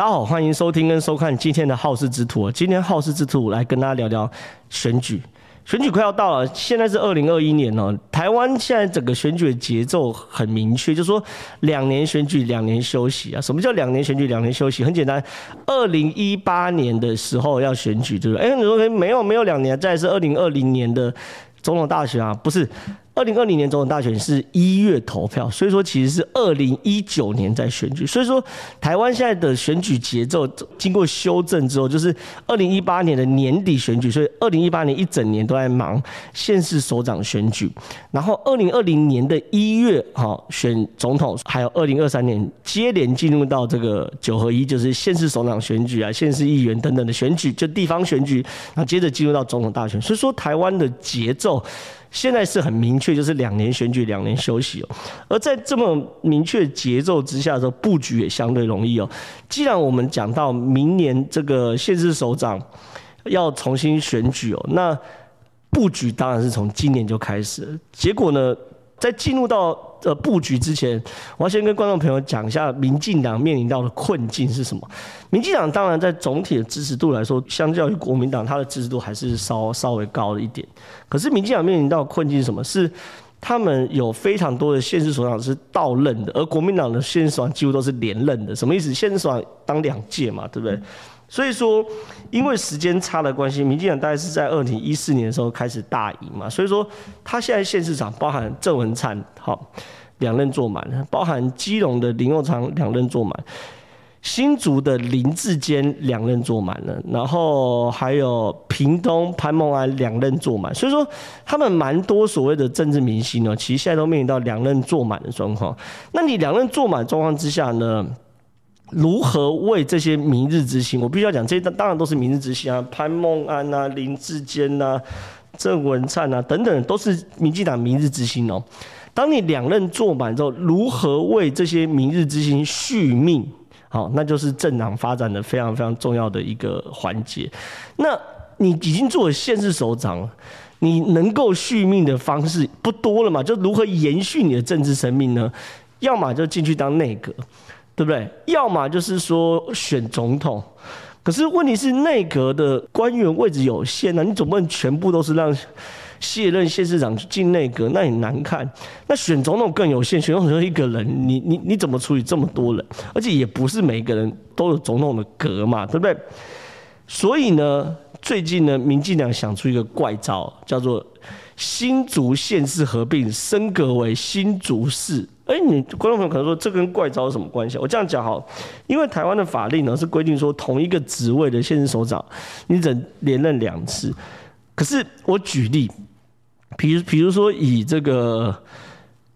大家好，歡迎收聽跟收看今天的《皓事之徒》。今天《皓事之徒》來跟大家聊聊選舉。選舉快要到了，現在是二零二一年了。台灣現在整個選舉的節奏很明確，就是說兩年選舉，兩年休息啊。什麼叫兩年選舉，兩年休息？很簡單，二零一八年的時候要選舉，對不對？哎，你說沒有沒有兩年，再是二零二零年的總統大選啊？不是。二零二零年總統大選是一月投票，所以說其實是二零一九年在選舉，所以說台灣現在的選舉節奏經過修正之後，就是二零一八年的年底選舉，所以二零一八年一整年都在忙縣市首長選舉，然後二零二零年的一月哈選總統，還有二零二三年接連進入到這個九合一，就是縣市首長選舉啊、縣市議員等等的選舉，就地方選舉，然後接着進入到總統大選，所以說台灣的節奏。現在是很明確，就是兩年選舉，兩年休息哦。而在這麼明確的節奏之下的布局也相對容易哦。既然我們講到明年這個縣市首長要重新選舉哦，那布局當然是從今年就開始。結果呢？在進入到呃佈局之前，我要先跟觀眾朋友講一下，民進黨面臨到的困境是什麼？民進黨當然在總體的支持度來說，相較於國民黨，它的支持度還是稍稍微高了一點。可是民進黨面臨到的困境是什麼？是他們有非常多的縣市首長是倒任的，而國民黨的縣市首長幾乎都是連任的。什麼意思？縣市首長當兩屆嘛，對不對？嗯所以說，因為時間差的關係，民進黨大概是在二零一四年的時候開始大贏嘛。所以說，他現在縣市長，包含鄭文燦好，兩任坐滿了；包含基隆的林右昌兩任坐滿，新竹的林智堅兩任坐滿了，然後還有屏東潘孟安兩任坐滿。所以說，他們蠻多所謂的政治明星哦，其實現在都面臨到兩任坐滿的狀況。那你兩任坐滿的狀況之下呢？如何為這些明日之星？我必須要講，這些當然都是明日之星啊，潘孟安吶、啊、林志堅吶、啊、鄭文燦吶、啊、等等，都是民進黨明日之星哦、喔。當你兩任坐滿之後，如何為這些明日之星續命？好，那就是政黨發展的非常非常重要的一個環節。那你已經做了縣市首長了，你能夠續命的方式不多了嘛？就如何延續你的政治生命呢？要麼就進去當內閣。對不對？要麼就是說選總統，可是問題是內閣的官員位置有限呢，啊，你總不能全部都是讓卸任縣市長去進內閣，那很難看。那選總統更有限，選總統一個人，你你你怎麼處理這麼多人？而且也不是每個人都有總統的格嘛，對不對？所以呢，最近呢，民進黨想出一個怪招，叫做新竹縣市合併，升格為新竹市。哎、欸，你觀眾朋友可能說，這跟怪招有什麼關係？我這樣講好，因為台灣的法令呢是規定說，同一個職位的縣市首長，你只能連任兩次。可是我舉例，比如，比如說以這個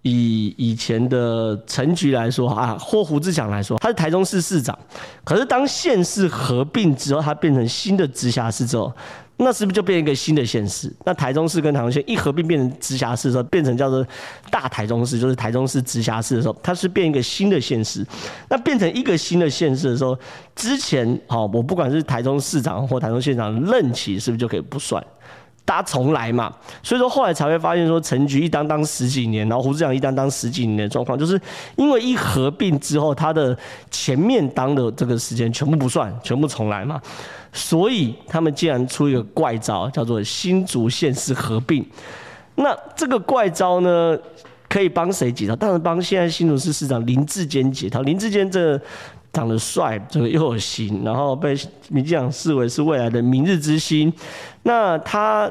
以以前的陳菊來說啊，或胡志強來說，他是台中市市長，可是當縣市合併之後，他變成新的直轄市之後。那是不是就變一個新的縣市？那台中市跟台中縣一合併變成直轄市的時候，變成叫做大台中市，就是台中市直轄市的時候，它是變一個新的縣市。那變成一個新的縣市的時候，之前好，我不管是台中市長或台中縣長任期是不是就可以不算？大家重來嘛，所以說後來才會發現說，陳菊一當當十幾年，然後胡志強一當當十幾年的狀況，就是因為一合併之後，他的前面當的這個時間全部不算，全部重來嘛，所以他們竟然出一個怪招，叫做新竹縣市合併，那這個怪招呢，可以幫誰解套？當然幫現在新竹市市長林志堅解套。林志堅這長得帥，這個又有心，然後被民進黨視為是未來的明日之星。那他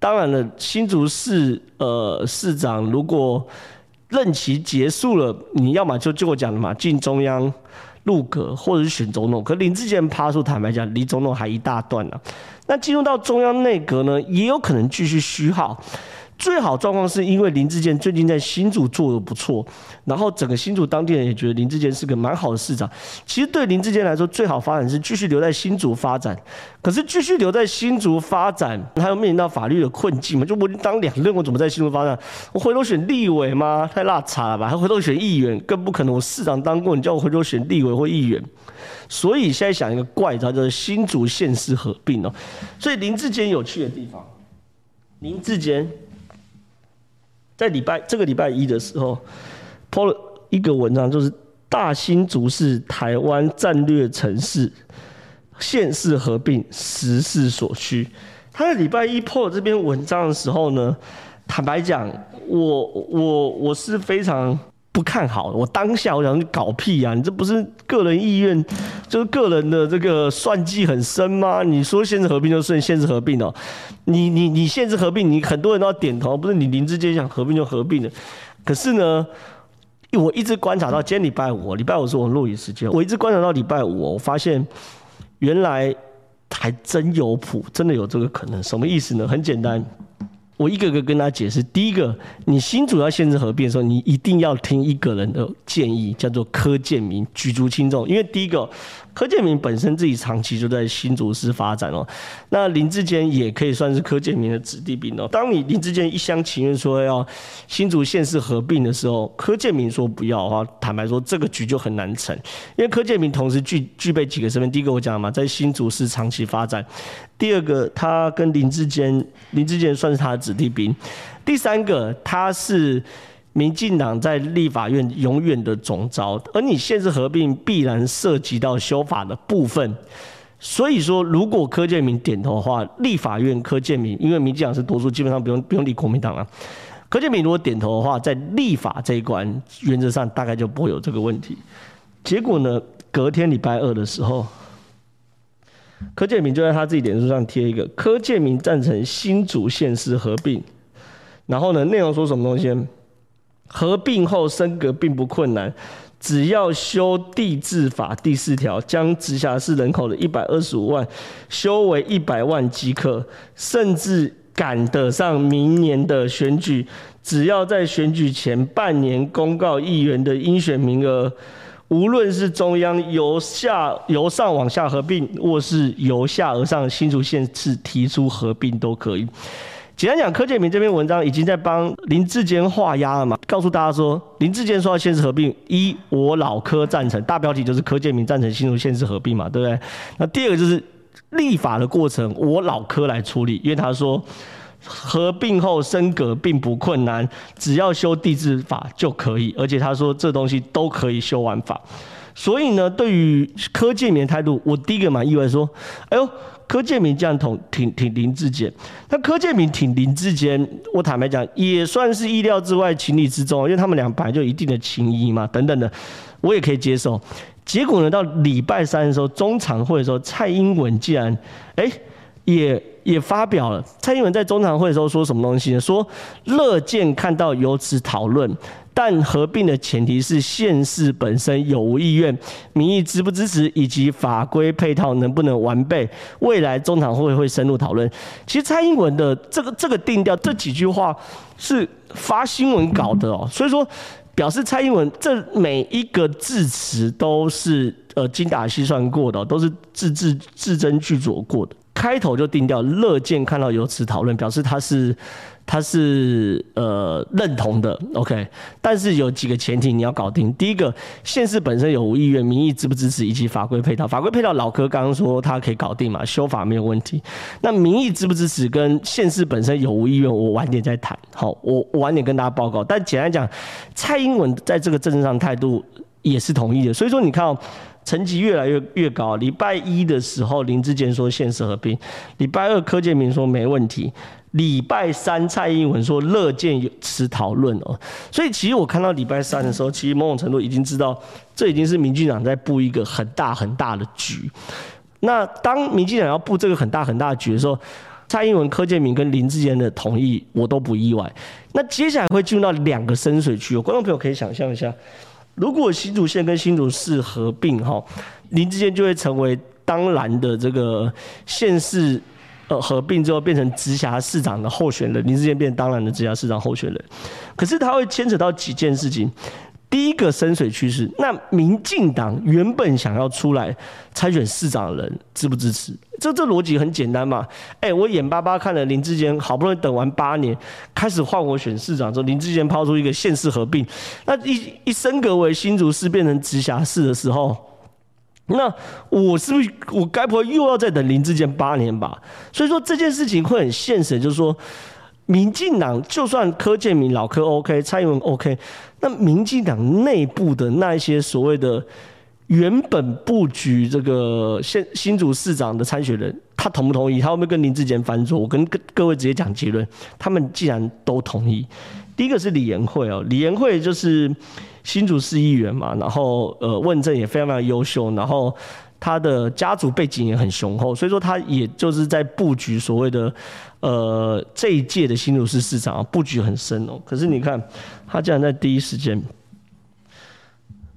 當然了，新竹市呃市長如果任期結束了，你要麼就就我講的嘛，進中央入閣或者是選總統。可林志堅趴數坦白講，離總統還一大段呢、啊。那進入到中央內閣呢，也有可能繼續虛耗。最好狀況是因為林志堅最近在新竹做得不錯，然後整個新竹當地人也覺得林志堅是個蠻好的市長。其實對林志堅來說，最好發展是繼續留在新竹發展。可是繼續留在新竹發展，他又面臨到法律的困境嘛？就我當兩任，我怎麼在新竹發展？我回頭選立委嗎？太落差了吧？他回頭選議員更不可能。我市長當過，你叫我回頭選立委或議員？所以現在想一個怪招，就是新竹縣市合併哦。所以林志堅有趣的地方，林志堅。在禮拜這個禮拜一的時候，po 了一個文章，就是大新竹是，台灣戰略城市縣市合併，時勢所趨。他在禮拜一 po 了這篇文章的時候呢，坦白講，我我我是非常。不看好，我當下我想去搞屁啊！你這不是個人意願，就是個人的這個算計很深嗎？你說新竹合併就順，新竹合併哦、喔，你你你新竹合併，你很多人都要點頭，不是你林智堅想合併就合併的。可是呢，我一直觀察到今天禮拜五，禮拜五是我錄影時間，我一直觀察到禮拜五，我發現原來還真有譜，真的有這個可能。什麼意思呢？很簡單。我一個個跟他解釋，第一個，你新竹要縣市合併的時候，你一定要聽一個人的建議，叫做柯建銘，舉足輕重，因為第一個，柯建銘本身自己長期就在新竹市發展哦，那林志堅也可以算是柯建銘的子弟兵哦。當你林志堅一廂情願說要新竹縣市合併的時候，柯建銘說不要哈，坦白說這個局就很難成，因為柯建銘同時具具備幾個身份，第一個我講嘛，在新竹市長期發展，第二個他跟林志堅，林志堅算是他。子弟兵，第三個，他是民進黨在立法院永遠的總召，而你縣市合併必然涉及到修法的部分，所以說如果柯建銘點頭的話，立法院柯建銘因為民進黨是多數，基本上不用不用立國民黨了、啊。柯建銘如果點頭的話，在立法這一關，原則上大概就不會有這個問題。結果呢，隔天禮拜二的時候。柯建銘就在他自己臉書上貼一個柯建銘贊成新竹縣市合併，然後呢，內容說什麼東西？合併後升格並不困難，只要修地制法第四條，將直轄市人口的一百二十五萬，修為一百萬即可，甚至趕得上明年的選舉，只要在選舉前半年公告議員的應選名額。無論是中央由下由上往下合併，或是由下而上新竹縣市提出合併都可以。簡單講，柯建銘這篇文章已經在幫林智堅畫押了嘛？告訴大家說，林智堅說要縣市合併，一我老柯贊成，大標題就是柯建銘贊成新竹縣市合併嘛，對不對？那第二個就是立法的過程，我老柯來處理，因為他說。合併後升格並不困難，只要修地制法就可以。而且他說這東西都可以修完法，所以呢，對於柯建銘的態度，我第一個蠻意外說，哎呦，柯建銘這樣挺挺挺林智堅。那柯建銘挺林智堅，我坦白講也算是意料之外，情理之中，因為他們倆本來就一定的情誼嘛，等等的，我也可以接受。結果呢，到禮拜三的時候，中常會的時候，蔡英文竟然，哎、欸。也也發表了，蔡英文在中常會的時候說什麼東西呢？說樂見看到有此討論，但合併的前提是縣市，本身有無意願、民意支不支持，以及法規配套能不能完備。未來中常會會深入討論。其實蔡英文的這個這個定調這幾句話是發新聞稿的哦、喔，所以說表示蔡英文這每一個字詞都是呃精打細算過的、喔，都是字字字斟句酌過的。開頭就定調，樂見看到有此討論，表示他是他是呃認同的，OK。但是有幾個前提你要搞定，第一個縣市本身有無意願，民意支不支持，以及法規配套。法規配套老柯剛剛說他可以搞定嘛，修法沒有問題。那民意支不支持跟縣市本身有無意願，我晚點再談。好，我晚點跟大家報告。但簡單講，蔡英文在這個政治上態度也是同意的。所以說你看，哦。成績越來越越高。禮拜一的時候，林智堅說縣市合併；禮拜二，柯建銘說沒問題；禮拜三，蔡英文說樂見有此討論哦。所以，其實我看到禮拜三的時候，其實某種程度已經知道，這已經是民進黨在布一個很大很大的局。那當民進黨要布這個很大很大的局的時候，蔡英文、柯建銘跟林智堅的同意，我都不意外。那接下來會進入到兩個深水區，有觀眾朋友可以想象一下。如果新竹縣跟新竹市合併哈，林智堅就會成為當然的這個縣市，呃，合併之後變成直轄市長的候選人，林智堅變當然的直轄市長候選人，可是他會牽扯到幾件事情。第一個深水趨勢，那民進黨原本想要出來參選市長的人，支不支持？這這邏輯很簡單嘛。哎、欸，我眼巴巴看了林志堅，好不容易等完八年，開始換我選市長之後，林志堅拋出一個縣市合併，那一一升格為新竹市變成直轄市的時候，那我是不是我該不會又要再等林志堅八年吧？所以說這件事情會很現實，就是說，民進黨就算柯建銘老柯 OK，蔡英文 OK，那民進黨內部的那一些所謂的原本布局這個新新竹市長的參選人，他同不同意？他會不會跟林志堅翻桌？我跟各位直接講結論：他們既然都同意，第一個是李妍慧哦，李妍慧就是新竹市議員嘛，然後呃問政也非常非常優秀，然後。他的家族背景也很雄厚，所以說他也就是在佈局所謂的，呃，這一屆的新竹市市長啊，佈局很深哦。可是你看，他竟然在第一時間，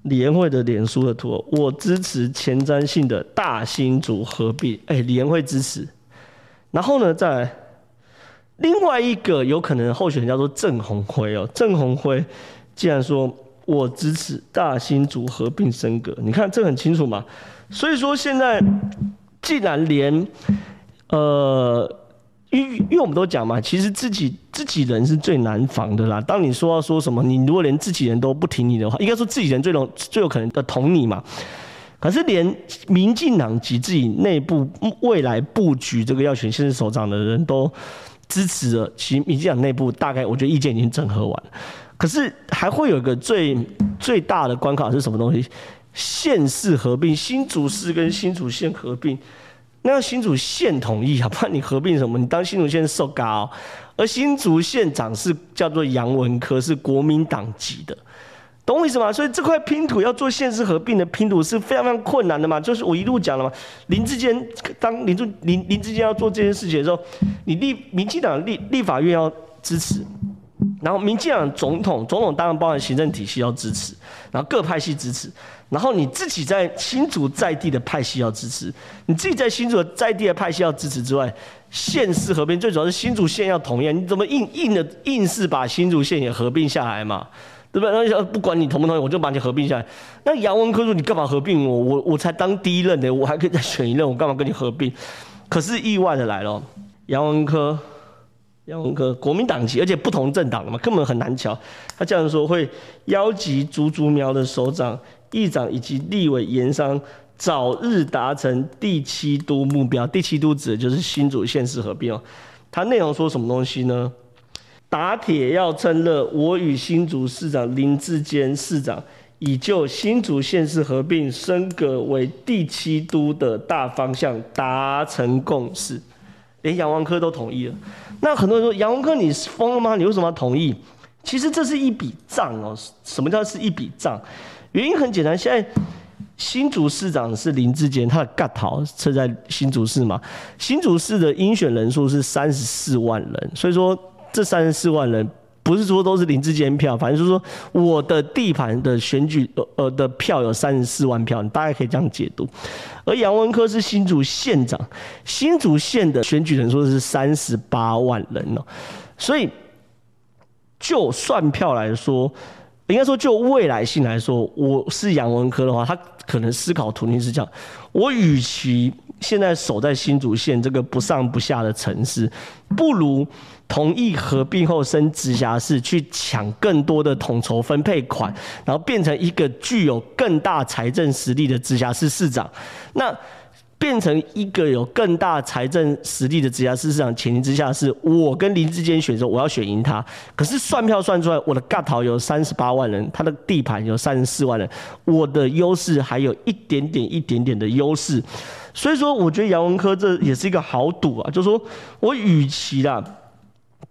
李延慧的臉書的圖，哦，我支持前瞻性的大新竹合併，哎，李延慧支持。然後呢，再來另外一個有可能候選人叫做鄭宏輝哦，鄭宏輝竟然說我支持大新竹合併升格，你看這很清楚嘛？所以說，現在既然連，呃，因因為我們都講嘛，其實自己自己人是最難防的啦。當你說要說什麼，你如果連自己人都不挺你的話，應該說自己人最容最有可能的捅你嘛。可是連民進黨及自己內部未來佈局這個要選縣市首長的人都支持了，其實民進黨內部大概我覺得意見已經整合完。可是還會有一個最最大的關卡是什麼東西？縣市合併，新竹市跟新竹縣合併，那要新竹縣同意啊，不然你合併什麼？你當新竹縣受搞，而新竹縣長是叫做楊文科，是國民黨籍的，懂我意思嗎？所以這塊拼圖要做縣市合併的拼圖是非常非常困難的嘛。就是我一路講了嘛，林智堅當林志林林智堅要做這件事情的時候，你立民進黨立立法院要支持，然後民進黨總統總統當然包含行政體系要支持，然後各派系支持。然後你自己在新竹在地的派系要支持，你自己在新竹在地的派系要支持之外，縣市合併最主要是新竹縣要同意，你怎麼硬硬的硬是把新竹縣也合併下來嘛？對不對？那想不管你同不同意，我就把你合併下來。那楊文科說你幹嘛合併我？我我才當第一任的，我還可以再選一任，我幹嘛跟你合併？可是意外的來了，楊文科，楊文科國民黨籍，而且不同政黨的嘛，根本很難喬。他這樣說會邀集竹竹苗的首長、議長以及立委，研商，早日達成第七都目標。第七都指的就是新竹縣市合併哦。它內容說什麼東西呢？打鐵要趁熱，我與新竹市長林智堅市長已就新竹縣市合併升格為第七都的大方向達成共識，連楊文科都同意了。那很多人說，楊文科你瘋了嗎？你為什麼要同意？其實這是一筆賬哦。什麼叫是一筆賬？原因很簡單，現在新竹市長是林志堅，他的蓋桃設在新竹市嘛，新竹市的應選人數是三十四萬人，所以說這三十四萬人不是說都是林志堅票，反正就是說我的地盤的選舉呃呃的票有三十四萬票，你大概可以這樣解讀。而楊文科是新竹縣長，新竹縣的選舉人數是三十八萬人哦，所以就算票來說。應該說，就未來性來說，我是楊文科的話，他可能思考途徑是這樣：我與其現在守在新竹縣這個不上不下的城市，不如同意合併後升直轄市，去搶更多的統籌分配款，然後變成一個具有更大財政實力的直轄市市長。那變成一個有更大財政實力的直轄市，市場前提之下，是我跟林智堅選手。我要選贏他。可是算票算出來，我的甘淘有三十八萬人，他的地盤有三十四萬人，我的優勢還有一點點，一點點的優勢。所以說，我覺得楊文科這也是一個豪賭啊，就是說我與其啊。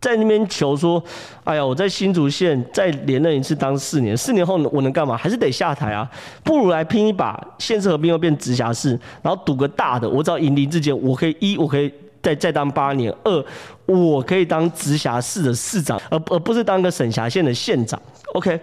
在那邊求說，哎呀，我在新竹縣再連任一次當四年，四年後我能幹嘛？還是得下台啊！不如來拼一把，縣市合併又變直轄市，然後賭個大的。我只要贏林智堅，我可以一，我可以再再當八年，二，我可以當直轄市的市長，而而不是當個省轄縣的縣長。OK。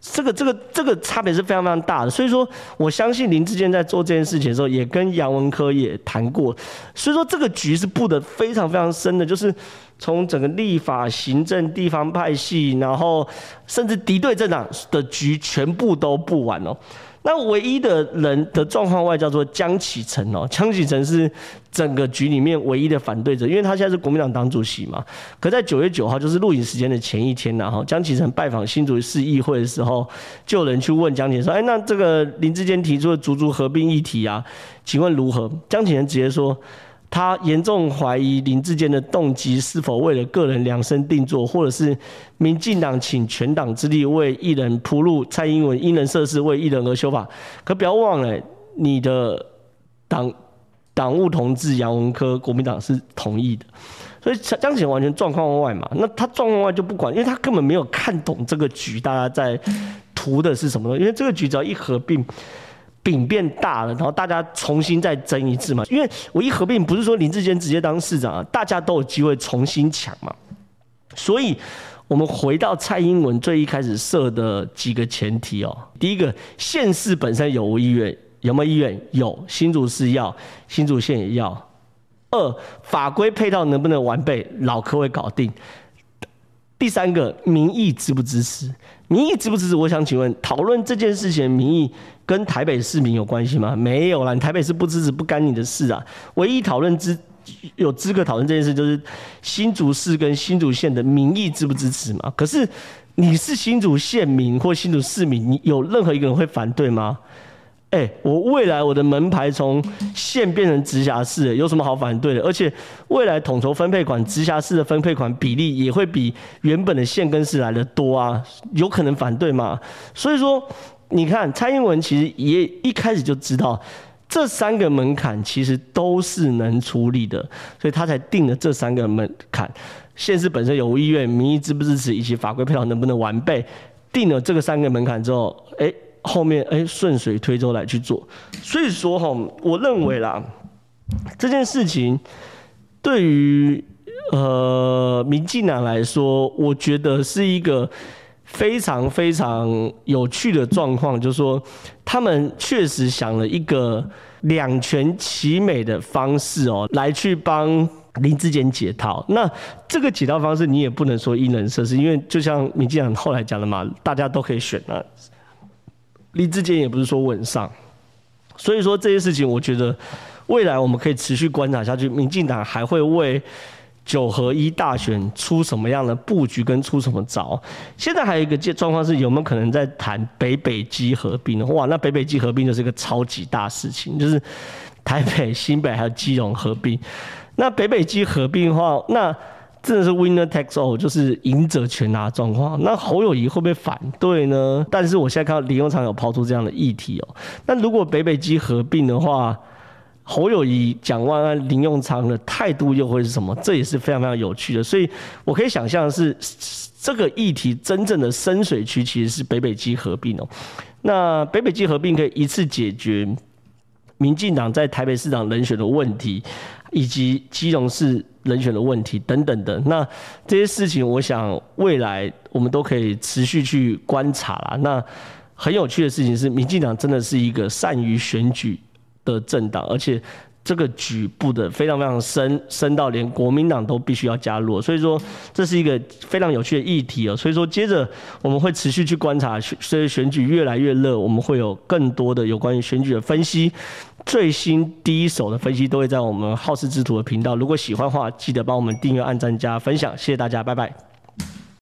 這個這個這個差別是非常非常大的，所以說我相信林智堅在做這件事情的時候，也跟楊文科也談過，所以說這個局是布的非常非常深的，就是從整個立法、行政、地方派系，然後甚至敵對政黨的局全部都布完了哦。那唯一的人的狀況外叫做江啟臣哦，江啟臣是整個局裡面唯一的反對者，因為他現在是國民黨黨主席嘛。可在九月九號，就是錄影時間的前一天然、啊、哈，江啟臣拜訪新竹市議會的時候，就有人去問江啟臣說：“哎、欸，那這個林智堅提出的竹竹合併議題啊，請問如何？”江啟臣直接說。他嚴重懷疑林智堅的動機是否為了個人量身定做，或者是民進黨請全黨之力為一人鋪路，蔡英文因人設事為一人而修法。可不要忘了，你的黨黨務同志楊文科，國民黨是同意的，所以江啟臣完全狀況外嘛。那他狀況外就不管，因為他根本沒有看懂這個局，大家在圖的是什麼？因為這個局只要一合併。餅變大了，然後大家重新再爭一次嘛。因為我一合併，不是說林智堅直接當市長啊，大家都有機會重新搶嘛。所以，我們回到蔡英文最一開始設的幾個前提哦、喔。第一個，縣市本身有無意願？有沒有意願？有，新竹市要，新竹縣也要。二，法規配套能不能完備？老科會搞定。第三個，民意支不支持？民意支不支持？我想請問，討論這件事情，民意跟台北市民有關係嗎？沒有啦，你台北市不支持，不干你的事啊。唯一討論之有資格討論這件事，就是新竹市跟新竹縣的民意支不支持嘛。可是你是新竹縣民或新竹市民，你有任何一個人會反對嗎？哎、欸，我未來我的門牌從縣變成直轄市，有什麼好反對的？而且未來統籌分配款，直轄市的分配款比例也會比原本的縣跟市來得多啊，有可能反對嘛？所以說，你看蔡英文其實也一開始就知道這三個門檻其實都是能處理的，所以他才定了這三個門檻：縣市本身有無意願、民意支不支持，以及法規配套能不能完備。定了這個三個門檻之後，哎、欸。後面哎，順水推舟來去做，所以說吼，我認為啦，這件事情對於呃民進黨來說，我覺得是一個非常非常有趣的狀況，就是說他們確實想了一個兩全其美的方式哦，來去幫林智堅解套。那這個解套方式，你也不能說因人設市，因為就像民進黨後來講的嘛，大家都可以選啊。李志堅也不是說穩上，所以說，這些事情，我覺得未來我們可以持續觀察下去。民進黨還會為九合一大選出什麼樣的布局跟出什麼招？現在還有一個狀況是有沒有可能在談北北基合併呢？哇，那北北基合併就是一個超級大事情，就是台北、新北還有基隆合併。那北北基合併的話，那真的是 winner takes all，就是贏者全拿狀況。那侯友宜會不會反對呢？但是我現在看到林右昌有拋出這樣的議題哦。那如果北北基合併的話，侯友宜、蔣萬安、林右昌的態度又會是什麼？這也是非常非常有趣的。所以我可以想象是這個議題真正的深水區其實是北北基合併哦。那北北基合併可以一次解決民進黨在台北市長人選的問題，以及基隆市。人選的問題等等的，那這些事情，我想未來我們都可以持續去觀察了。那很有趣的事情是，民進黨真的是一個善於選舉的政黨，而且。這個局部的非常非常深，深到連國民黨都必須要加入，所以說這是一個非常有趣的議題哦。所以說，接着我們會持續去觀察，所以選舉越來越熱，我們會有更多的有關於選舉的分析，最新第一手的分析都會在我們皓事之徒的頻道。如果喜歡的話，記得幫我們訂閱、按讚、加分享，謝謝大家，拜拜。